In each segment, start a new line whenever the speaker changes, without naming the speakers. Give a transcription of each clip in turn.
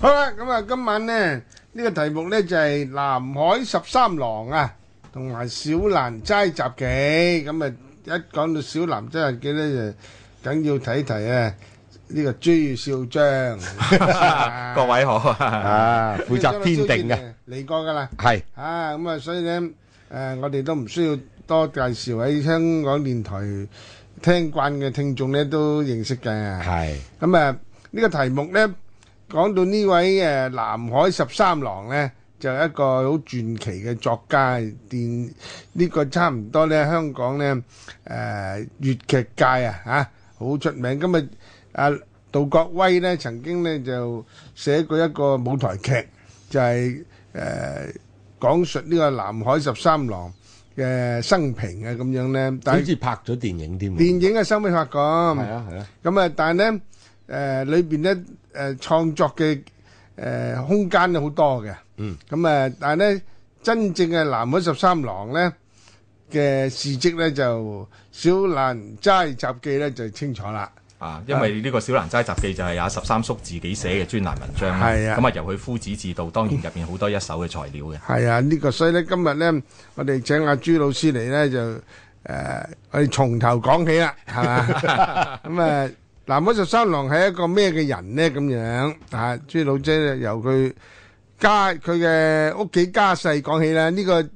好啦，咁啊，今晚咧呢個題目咧就係《南海十三郎》啊，同埋《小蘭齋雜記》。咁啊，一講到《小蘭齋雜記》咧，就梗要睇睇啊，呢個朱少璋，
各位好啊，
負責編定嘅，你哥噶啦，係啊，咁啊，所以咧，誒，我哋都唔需要多介紹，喺香港電台聽慣嘅聽眾咧都認識嘅，係。咁啊，呢個題目咧。講到呢位誒南海十三郎咧，就係一個好傳奇嘅作家，電呢個差唔多咧，香港咧誒粵劇界啊嚇好出名。今日阿杜國威咧曾經咧就寫過一個舞台劇，就係誒講述呢個南海十三郎嘅生平啊咁樣咧。但係好似拍咗電影添。電影嘅《三面香港》。係啊係啊。咁啊，但係咧。誒裏邊咧誒創作嘅誒、呃、空間好多嘅，嗯，咁啊，但係咧真正嘅南海十三郎咧嘅事蹟咧就《小蘭齋雜記》咧就清楚啦。
啊，因為呢個《小蘭齋雜記》就係阿、啊、十三叔自己寫嘅專欄文章啦，是啊，啊，咁啊由佢夫子自道，當然入邊好多一手嘅材料嘅。
係啊，呢、嗯嗯啊這個所以咧今日咧，我哋請阿、啊、朱老師嚟咧就誒去、呃、從頭講起啦，係嘛？咁啊～嗱，南海十三郎係一個咩嘅人呢？咁樣啊，朱老姐由佢家佢嘅屋企家世講起啦。呢、呢個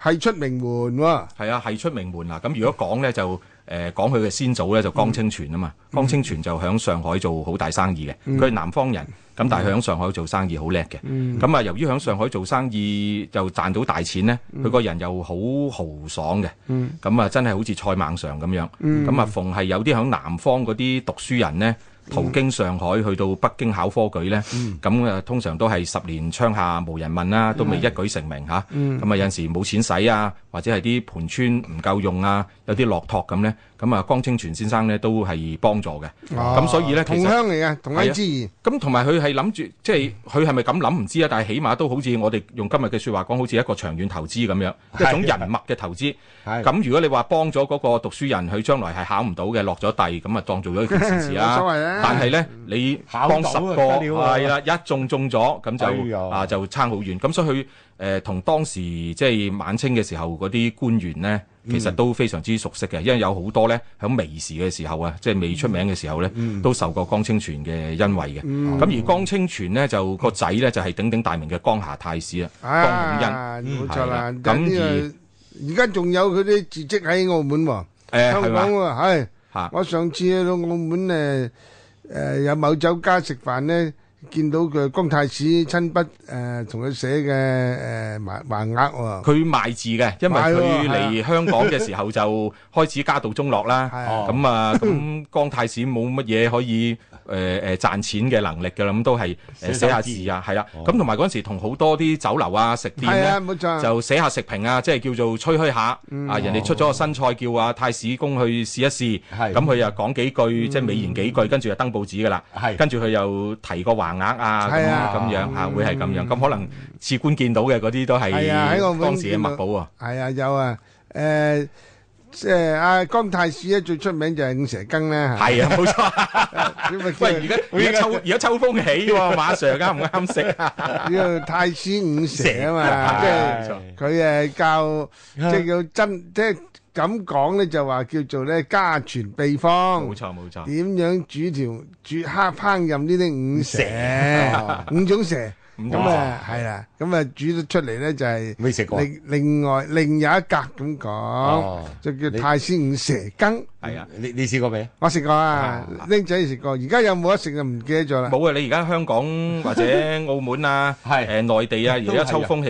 係出名門喎，
係啊，係出名門啊。咁、啊啊、如果講咧就。誒、呃、講佢嘅先祖咧就江清泉啊嘛，嗯、江清泉就喺上海做好大生意嘅，佢係、嗯、南方人，咁、嗯、但係喺上海做生意好叻嘅，咁、嗯、啊由於喺上海做生意就賺到大錢咧，佢個、嗯、人又好豪爽嘅，咁、嗯、啊真係好似賽孟嘗咁樣，咁啊逢係有啲喺南方嗰啲讀書人呢。途經、嗯、上海去到北京考科舉呢，咁誒、嗯、通常都係十年窗下無人問啦，都未一舉成名嚇。咁、嗯、啊、嗯、有陣時冇錢使啊，或者係啲盤川唔夠用啊，有啲落拓咁呢。咁啊江清泉先生呢，都係幫助嘅。咁所以呢，同鄉嚟嘅同根之緣咁，同埋佢係諗住，即係佢係咪咁諗唔知啊？但係起碼都好似我哋用今日嘅説話講，好似一個長遠投資咁樣，的一種人脈嘅投資。咁如果你話幫咗嗰個讀書人，佢將來係考唔到嘅落咗第，咁啊當做咗一件善事啦。 但係咧，你考十個係啦，一中中咗咁，就啊就差好遠。咁所以佢誒同當時即係晚清嘅時候嗰啲官員呢，其實都非常之熟悉嘅，因為有好多呢，響微時嘅時候啊，即係未出名嘅時候呢，都受過江清泉嘅恩惠嘅。咁而江清泉呢，就個仔呢，就係鼎鼎大名嘅江夏太史啊，江孔殷，冇錯啦。咁
而而家仲有佢啲字跡喺澳門。誒，香港係我上次去到澳門呢。誒、呃、有某酒家食飯呢，見到佢江太史親筆誒，同佢寫嘅誒，橫橫額喎。哦。佢
賣字嘅，因為佢嚟香港嘅時候就開始家道中落啦。咁 啊，咁、嗯呃、江太史冇乜嘢可以。 誒誒賺錢嘅能力㗎喇，咁都係寫下字啊，係啦。咁同埋嗰陣時同好多啲酒樓啊食店咧，就寫下食評啊，即係叫做吹噓下。啊，人哋出咗個新菜叫啊太史公去試一試，咁佢又講幾句，即係美言幾句，跟住就登報紙㗎喇。係，跟住佢又提個橫額啊，咁樣吓會係咁樣。咁可能賜官見到嘅嗰啲都係，係啊，當時嘅墨寶
啊。係啊，有啊，誒。即係阿江太史咧，最出名就係五蛇羹咧，係啊，冇錯。喂，而家
而家秋而家秋風起喎，馬 Sir 啱唔啱食？
呢個太史五蛇啊嘛，即係佢誒教，即係要真，即係咁講咧就話叫做咧家傳秘方。冇錯冇錯，點樣煮條煮蝦烹飪呢啲五蛇五種蛇？咁啊，係啦，咁啊煮得出嚟咧就係，未食過，另另外另有一格咁講，就叫太史五蛇羹。係啊，你你試過未？我食過啊，僆仔食過。而家有冇得食就唔記得咗啦。冇
啊！你而家香港或者澳門啊，係誒內地啊，而家秋風
起。